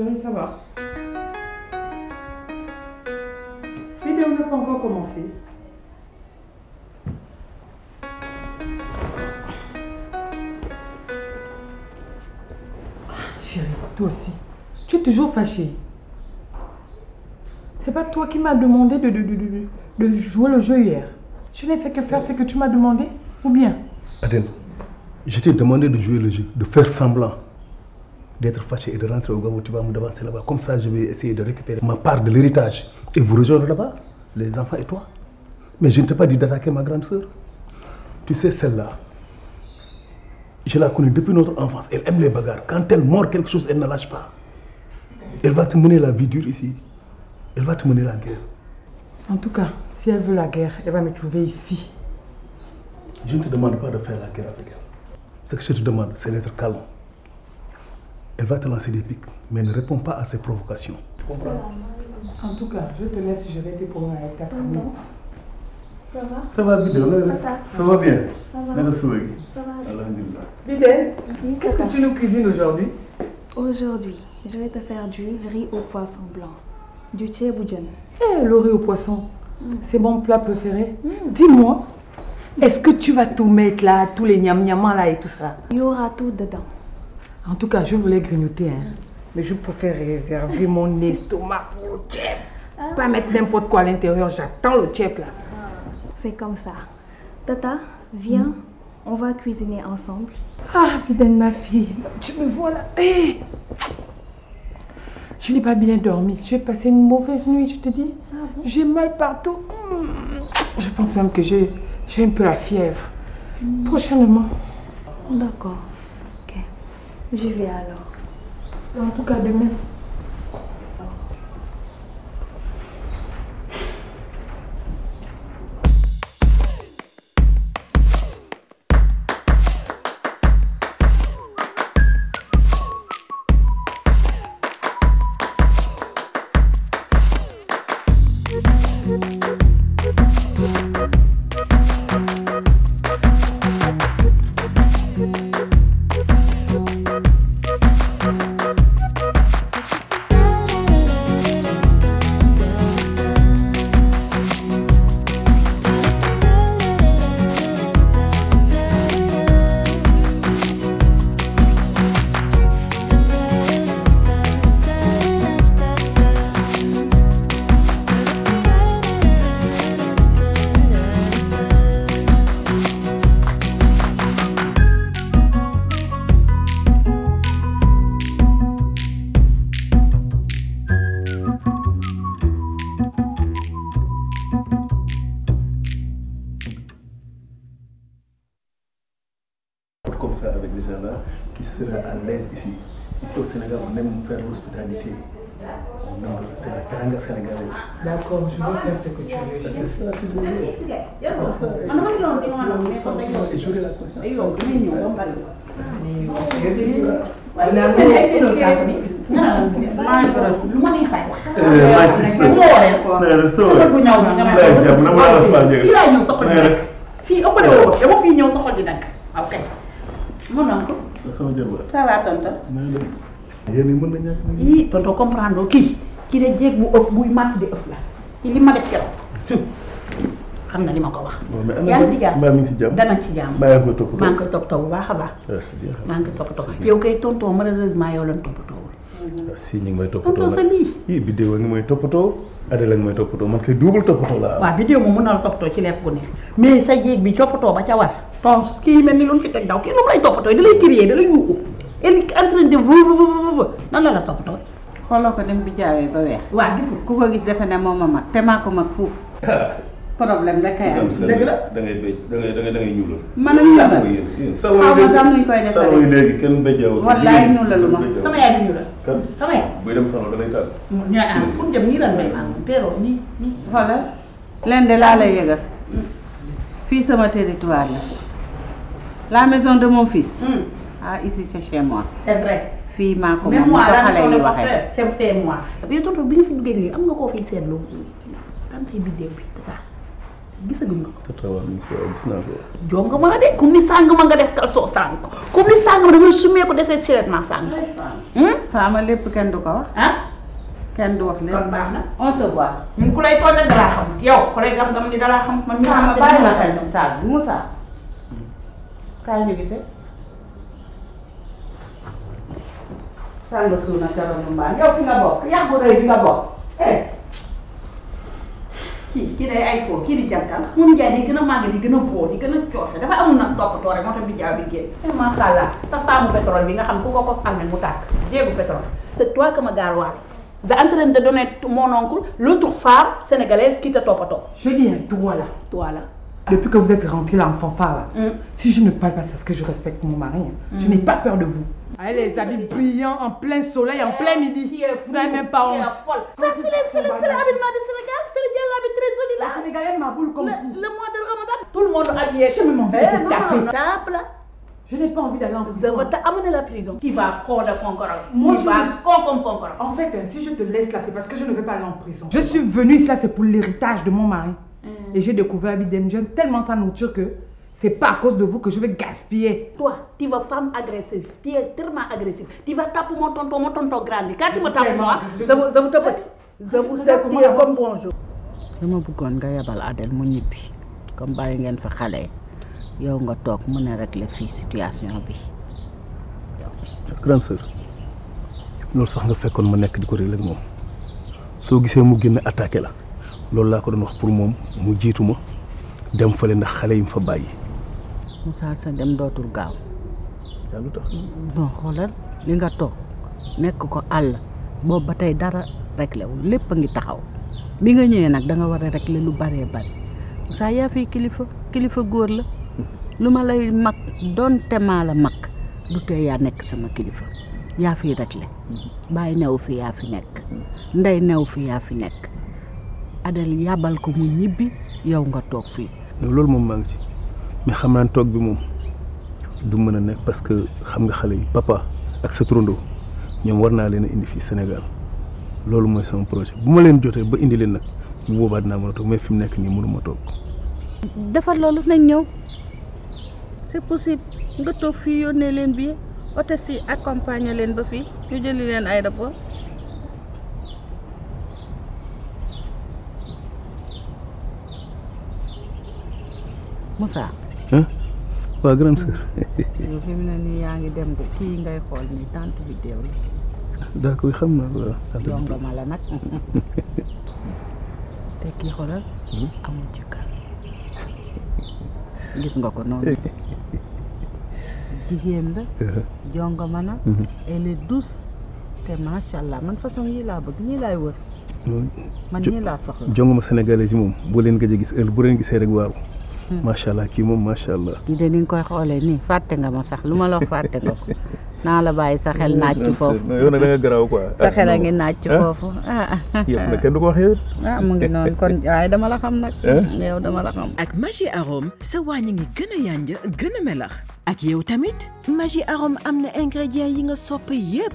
Chérie, ça va Vidéo n'a pas encore commencé. Ah, chérie, toi aussi, tu es toujours fâchée. C'est pas toi qui m'as demandé de, de, de, de, jouer le jeu hier. Je n'ai fait que faire ce que tu m'as demandé, ou bien Adèle, je demandé de jouer le jeu, de faire semblant. d'être fâché et de rentrer au Gabon, tu vas me devancer là Comme ça, je vais essayer de récupérer ma part de l'héritage et vous rejoindre là les enfants et toi. Mais je ne t'ai pas dit d'attaquer ma grande sœur. Tu sais, celle-là, je la connais depuis notre enfance. Elle aime les bagarres. Quand elle mord quelque chose, elle ne lâche pas. Elle va te mener la vie dure ici. Elle va te mener la guerre. En tout cas, si elle veut la guerre, elle va me trouver de faire la demande, c'est d'être Elle va te lancer des pics, mais ne réponds pas à ses provocations. En tout cas, je te laisse, je vais te prendre avec ta famille. va bien Ça va. Ça que tu nous cuisines aujourd'hui Aujourd'hui, je vais te faire du riz au poisson blanc, du tchéboudjan. Eh, le riz au poisson, mm. c'est mon plat préféré. Mm. Dis-moi, est-ce que tu vas tout mettre là, tous les gnam là et tout ça y aura tout dedans. En tout cas, je voulais grignoter, hein. mais je préfère réserver mon estomac pour le chef. Pas mettre n'importe quoi à l'intérieur, j'attends le chef C'est comme ça. Tata, viens, hmm. on va cuisiner ensemble. Ah, putain, ma fille, tu me vois là. Hey je n'ai pas bien dormi. J'ai passé une mauvaise nuit, je te dis. Ah mal partout. Je pense même que j'ai un peu la fièvre. Mmh. J'y vais alors. En tout cas, demain. qualité donc c'est la teranga sénégalaise. d'accord je veux faire ce que tu veux. parce que c'est la plus belle. yow. la yéen a mën na ñàkk ii tonton comprendre kii kii ma def keroog xam na ma ko wax. yaa ngi si jàmm ci jàmm. maa koy toppatoo toppatoo bu baax a baax. maa ngi koy toppatoo yow kay tonton malheureusement yow lañ toppatoo. Ah, si ñu ngi may toppatoo nag tonton sa biddew a ngi may toppatoo Adela ngi may toppatoo man kay double toppatoo laa. na la toppatoo ci lépp ku ne mais sa jéeg bi toppatoo ba ca war. tons kii mel ni lu mu fi teg daw kii nu mu lay toppatoo da lay crier da lay yuuxu elle est en train de vvvv nan la la toppatoo xooloo ko dem bi jaawee ba weex waa gis ku ko gis defe ne moom a mag te maa ko mag fuuf problème rek kay am dëgg la da ngay béy da ngay da ngay da ngay ñuulal man a ñuulal xaw ma sax nuñ koy defaree salon yi léegi kenn béjjawul wallaay ñuulalu ma sama yaay di ñuulal kan sama yaay buy dem salon da lay tàgg mm, ñooy am fu ñu dem nii lan may am pero nii nii xoolal leen de laa lay yëgal mm. fii sama territoire la la maison de mon fils mm. ah ici c'est chez moi. c'est vrai. fii maa ko moom moo tax xale yi waxee c'est moi. mais tonton bi nga fi duggee nii am nga koo fiy seetlu. tante biddéew bi tata gisaguñ ko. tata waaw gis naa ko. jox nga mën a de comme ni sàng ma nga def kalso sàng ko comme ni sàng ma dama sumee ko dese ci ret naa sàng ko. Hmm? faama lépp kenn du ko wax. Ah? kenn du wax lépp. kon baax na on se voit. ku lay toog dalaa xam yow ku lay gam-gam ni dalaa xam. man ñu xam te ne moom la kay si saag bi mu saag. Hmm. kaay ñu gisee. sànga suuna karamu mbaan yow fi nga bokk yàq bu rëy bi nga bokk eh kii kii day ay foo kii di jantal mun njaay di gën a màgg di gën a boo di gën a coofe dafa amul nag toppatoo rek moo tax bi jaaw bi génn eh, macha allah sa faamu pétrole bi nga xam ku ko ko sànni mu tàkk jéegu pétrole te toi que ma gaar waale vous êtes en train de donner mon oncle l'autre femme sénégalaise qui te toppatoo je dis toi là toi là depuis que vous êtes rentré là en fanfare, là, mm. si je ne parle pas, c'est parce que je respecte mon mari. Hein. Mm. Je n'ai pas peur de vous. Ah, les habits brillants, en plein soleil, en plein eh, midi. Vous n'avez même pas honte. Ça, c'est l'habit du Sénégal. C'est le habit très joli là. La Sénégalaise m'a boule comme le, vous. Le mois de Ramadan. Tout le monde habillé. Je me m'en eh, vais. Je n'ai pas envie d'aller en prison. Vous amené la prison. Qui va corps concorde. Moi, je va En fait, si je te laisse là, c'est parce que je ne vais pas aller en prison. Je suis venue ici là, c'est pour l'héritage de mon mari. Et j'ai découvert Abidem, j'aime tellement sa nourriture que c'est pas à cause de vous que je vais gaspiller. Toi, tu vas femme agressive. Tu es tellement agressive. Tu vas taper mon tonton, mon tonton nga yebal Adel mu ñibbi comme bàyyi ngeen fa xale yow nga toog mën a régler fii situation bi. grande sœur loolu sax nga fekkoon ma nekk di ko régler ak moom soo gisee mu génn attaqué la. loolu laa ko doon wax pour moom mu jiitu ma dem fële ndax xale yi mu fa bàyyi. Moussa sa dem dootul gaaw. yaa li nga toog nekk ko àll boobu tey dara réglé lépp a ngi taxaw bi nga ñëwee nag danga war a réglé lu baree bari Moussa yaa kilifa kilifa góor la lu ma lay mag doonte maa la mag du tee yaa nekk sama kilifa yaa fi réglé mm-hmm. bàyyi new fi yaa nekk ndey new fi yaa fi nekk. Adel yàbbal ko mu ñibbi yow nga toog fii. loolu moom maa ngi ci mais xam naa toog bi moom du mën a nekk parce que xam nga xale yi papa ak sa turandoo ñoom war naa leen a indi fii Sénégal loolu mooy sama projet bu ma leen jotee ba indi leen nag bu boobaa dinaa mën a toog mais fi mu nekk nii mënuma toog. defar loolu nañ ñëw c'est possible nga toog fii yónnee leen bi hôtesse si accompagner leen ba fii ñu jëli leen aéroport. Moussa. ah waaw grande sœur. yow fi mu ne nii yaa ngi dem de kii ngay xool nii tante bi deew la. daa koy xam naa waaw. la nag. te kii xoolal. Hmm? amul jëkkër. gis nga ko noonu. jigéen la. Uh-huh. jongoma na. Mm-hmm. elle est douce. te macha allah man façon yii laa bëgg ñii laay wër. man ñii laa soxla. jongoma sénégalais yi moom boo leen gëj a gis heure bu leen gisee rek Hmm. macha allah kii moom macha allah. kii de ni nga koy xoolee nii fàtte nga ma sax lu ma la wax fàtte nga ko naa la bàyyi sa xel naaj ci foofu. yow nag da sa xel a ngi naaj ci ah. foofu. Ah, ah, yow nag kenn du ko wax mu ngi noonu kon waaye dama la xam nag. yow dama la xam. ak Maggi arôme sa wàññi ngi gën a yànja gën a melax. ak yow tamit Maggi arôme am na ingrédients yi nga sopp yépp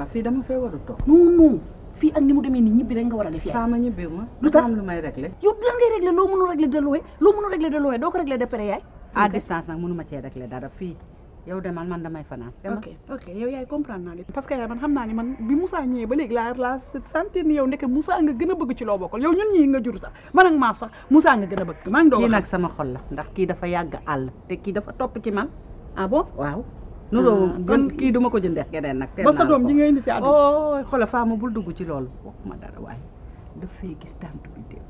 waaw fii dama fee war a toog. non fii ak ni mu demee nii ñibbi rek nga war a def. yaa ma ñibbi ma lu tax lu may réglé. yow loo mënul réglé de loo mënul réglé de looy doo ko réglé de près ma cee réglé dara fii yow demal man damay fanaan. ok yow yaay comprendre naa li parce naa ni man bi Moussa ñëwee ba léegi laa laa ndeke Moussa nga gën a bëgg ci loo bokkal yow ñun ñii nga jur sax man ak maa sax Moussa nga gën a bëgg. maa kii nag sama xol la ndax kii dafa yàgg àll te kii dafa topp ci man ah nuroo gën ah, kii duma ko jëndee geneen nag ba sa doom ji ngay indi si àdduna oh, oh, oh xoolal faama bul dugg ci loolu waxuma dara waaye daf fee gis tànt bi déew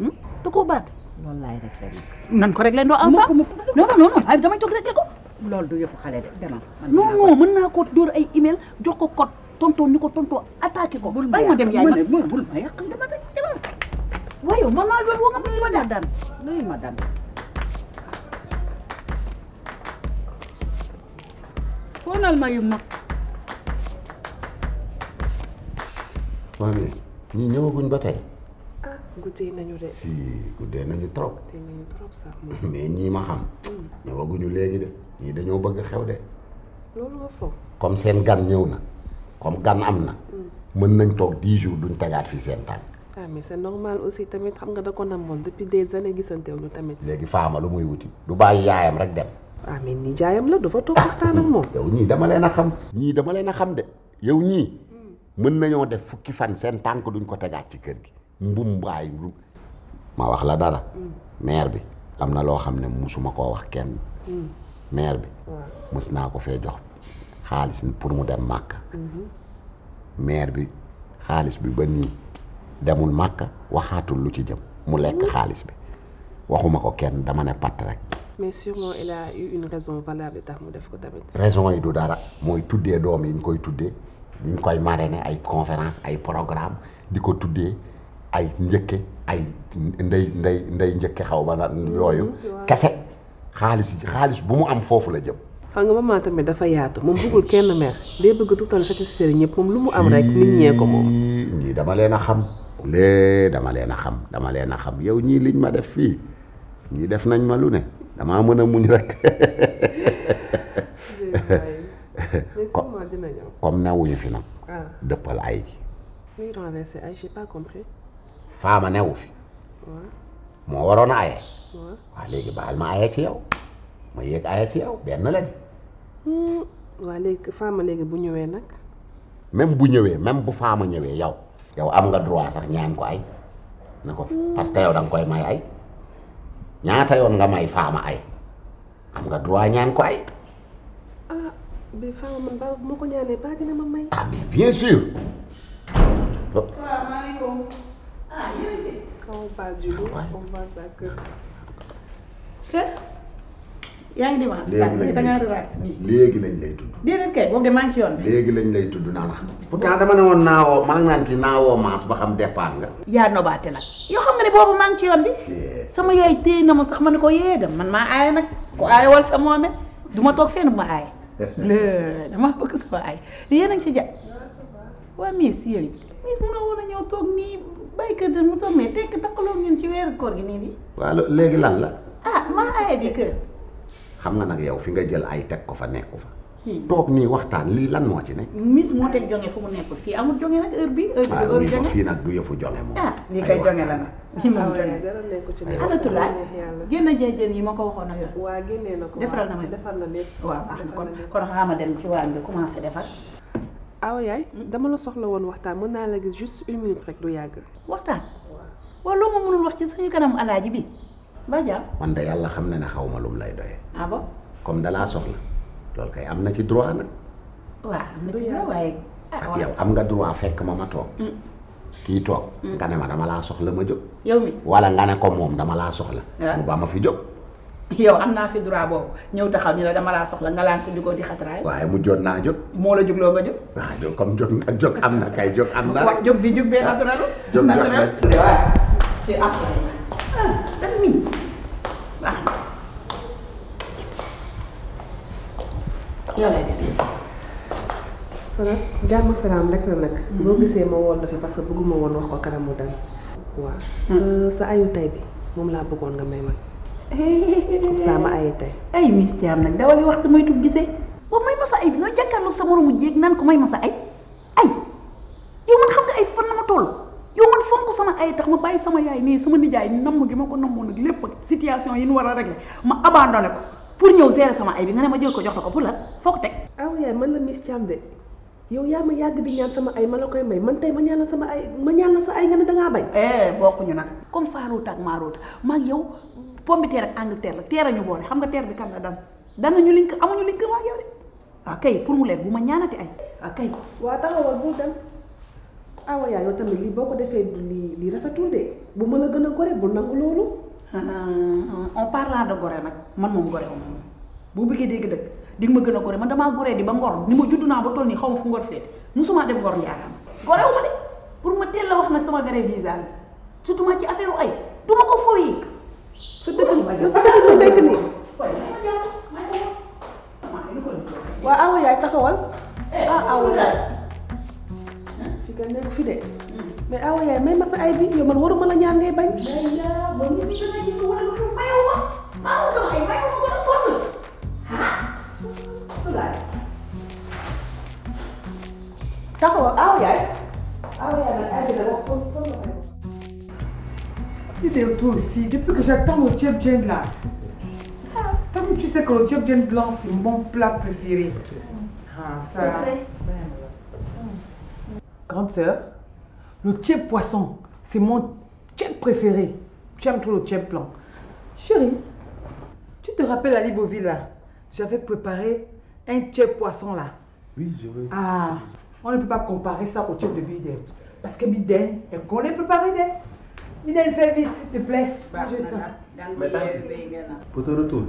hmm? du ko baat loolu laay rek nan ko réglé ndoo ensemble ko mukk non non non ay damay toog réglé ko loolu du yëfu xale de demal non non mën naa ko dóor ay email jox ko code tonton ni ko tonton attaqué ko bul ma dem yaay ma bul ma yàq dama dama waaye man maa doon woo nga ma daan daan ma daan foonal ma yu mag. maanaam ñëwaguñ ba tey. ah nañu de. si guddee nañu trop. guddee ñii ma xam. Hmm. ñëwaguñu léegi de ñii dañoo bëgg xew de. loolu nga foog. comme seen gan ñëw na comme gan am na. Hmm. mën nañ toog dix jours duñ tegaat fii seen tànk. ah mais c'est normal aussi tamit xam nga da ko namoon depuis des années gisante wu ñu tamit. léegi faama lu muy wuti du bàyyi yaayam rek dem. ah nijaayam la dafa toog waxtaan ak moom. ñii dama leen a xam. ñii dama leen a xam de yow ñii mën nañoo def fukki fan seen tànk duñ ko tegaat ci kër gi mbum baay ma wax la dara. maire bi am na loo xam ne musuma koo wax kenn. maire bi. mës naa ko fee jox xaalis pour mu dem màkk. maire bi xaalis bi ba nii demul màkk waxaatul lu ci jëm mu lekk xaalis bi waxuma ko kenn dama ne patt rek. mais sûrement il a eu une raison valable tax mu def ko tamit. raison yi du dara mooy tuddee doom yi koy tuddee ñu koy marrainer ay conférence ay programme di ko tuddee ay njëkke ay ndey ndey ndey njëkke xaw ma naan mm-hmm, yooyu kese xaalis xaalis bu mu am foofu la jëm. xam nga maman tamit dafa yaatu moom bëggul kenn mer day bëgg tout le temps ñëpp moom lu mu am rek nit ñee ko moom. ñii dama leen a xam. lee dama leen a xam dama leen a xam yow ñii liñ ma def fii ñii def nañ ma lu ne. damaa mën a muñ rek. comme newuñu fi nag. Ah. dëppal ay ji. muy renversé ay faama newu fi. moo waroon a aye. waaw léegi baal ma aye ci yow ma yéeg aye ci yow benn la di. Hmm. waaw léegi bu ñëwee nag. même bu ñëwee même bu faama ñëwee yow. yow am nga droit sax ñaan ko ay. na ko hmm. parce que yow da koy may ay. ñaata yoon nga may faama ay am nga droit ñaan ko ay. ah mais faama man ba ma ko ñaanee ba dina ma ah, lañ ah, ah, da ngaa relax nii. léegi lañ lay léegi lañ lay tudd naan xam. pourtant dama ne woon naawoo maa maas ba xam départ nga. yaa nobaate nag. yoo xam nga ne boobu maa ngi yoon bi. sama yaay téye na ma sax ma ne ko yee dem man maa aaye nag ku aaye wal sa moome du ma toog fenn ma aaye dama bëgg sama aaye yéen a ngi ci jàpp waa miis yéen miis woon a ñëw toog nii bàyyi kër da mu toog mais tekk takkaloo ngeen ci weeru koor gi nii nii waaw léegi lan la ah maa aaye di kër xam nga nag yow fi nga jël ay teg ko fa nekku fa toog nii waxtaan lii lan moo ci nekk. Miss moo teg jonge fu mu nekk fii amul jonge nag heure bi heure bi heure jonge fii nag du yëfu jonge moom. ah lii kay jonge la nag. Ah, génn jëjën yi ma ko waxoon a yor. waaw génnee ko defaral na ma defar la lépp. waaw baax na kon kon xaama dem ci waañ bi commencé defar. awa yaay hmm? dama la soxla woon waxtaan mën naa la gis juste une minute rek du yàgg. waxtaan waaw loo ma mënul wax ci suñu kanam alaaji bi ba jaam. man de yàlla xam na ne xaw ma lum lay doyee. ah bon comme dalaa soxla loolu kay am na ci droit nag. waaw am na waaye. ak ah, yow am nga droit fekk ma ma toog. Mm. kii toog. Mm. nga ne ma dama laa soxla ma jóg. yow mi walla nga ne ko moom dama laa soxla. Ah. mu ba ma fi jóg. yow am naa fi droit boobu ñëw taxaw ñu la dama laa soxla nga laan ko jugoo di xatraay. waaye mu jot naa jóg. moo la jugloo nga jóg. waaw ah, jóg jóg nga jóg am na kay jóg am na. jóg bi jóg bee naturel. jóg jóg naturel waaw ci après. yow lay so nag jàmm salaam rek la nag. Mhm. boo gisee ma woon dafa parce que bëgguma woon wax ko kanam mu dal. waaw hmm. sa sa ayu bi moom laa bëggoon nga may man. comme ça ma ayu tey. ay Miss Thiam nag dawali waxtu may tub gisee. waaw may ma sa ay bi noo jàkkaarloog sa moromu jéeg naan ko may ma sa ay ay yow man xam nga ay fan na ma toll yow man fonk sama ay tax ma bàyyi sama yaay nii sama nijaay namm gi ma ko nammoon nag lépp situation yi nu war a régler ma abandonné pour ñëw gérer sama ay bi nga ne ma jël ko jox la ko pour lan foo ko teg. aw ah yaay man la Miss Thiam de yow yaa ma yàgg bi ñaan sama ay ma la koy may man tey ma ñaan la sama ay ma ñaan sa ay nga ne da ngaa bay. Eh, bokkuñu nag comme faaroot ak maaroot maag yow pombiteer ak Angleterre la teer a ñu boole xam nga teer bi kan la dan dan nañu liñ amuñu liñ ko waa yow de waaw ah kay pour mu leer bu ma ñaanati ay waaw ah kay. waaw taxawal bul dem awa yaay yow tamit lii boo ko defee lii lii rafetul de bu ma la gën a gore bu nangu loolu. Euh, en parlant de gore nag man moom gore moom boo bëggee dégg dëgg di ma gën a gore man damaa gore di ba ngor ni ma judd naa ba toll nii xaw ma fu ngor féete musuma dem ngor njaaram gore wu ma de pour ma teel wax na sama vrai visage surtout ma ci affaire u ay du ma ko fooyi sa dëkk sa dëkk sa dëkk waaw awa yaay taxawal eh, ah yaay mais Awa yaay may ma sa ay bi yow man waruma la ñaan ngay bañ. mais yaa ba ñu ci dana jiitu wala lu mayoo ma maa sama ay mayoo ma ko force la ah. taxaw Awa ah yaay Awa ah yaay nag ay bi dama ko ko ko. Dis-le toi aussi, depuis que j'attends mon tchèp là. Comme ah. tu sais que le tchèp blanc, c'est mon plat préféré. Mm. Ah, ça. Grande sœur. Le tchèp poisson, c'est mon tchèp préféré. J'aime trop le tchèp blanc. Chérie, tu te rappelles à Liboville là J'avais préparé un tchèp poisson là. Oui, je Ah, on ne peut pas comparer ça au de Biden. Parce que Biden, elle connaît préparer des. Biden, fais vite, s'il te plaît. Bah, je Madame, pour ton retour,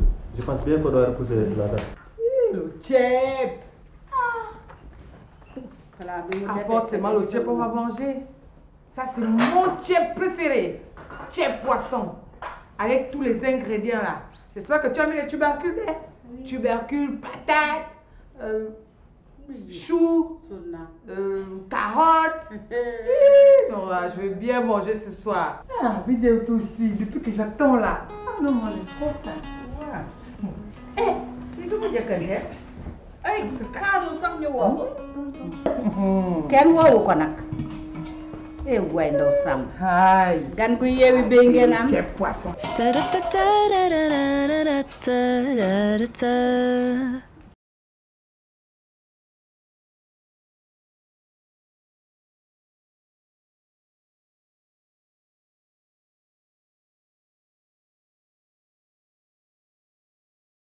Ça, c'est mon ceeb préféré. Ceeb poisson. tous les ingrédients là. J'espère que tu as mis les tubercules dedans. Oui. Tubercules, patates, euh, oui. choux, euh, carottes. je vais bien manger ce soir. Ah, vidéo toi aussi, depuis que j'attends là. Ah non, moi, j'ai trop faim. Eh, hey, tu dois me dire que Hey, kaanu sax ñu woo Kenn woowu ko nag. eh waay ndaw gan gu yeewi bee ngeen am. ceeb poisson.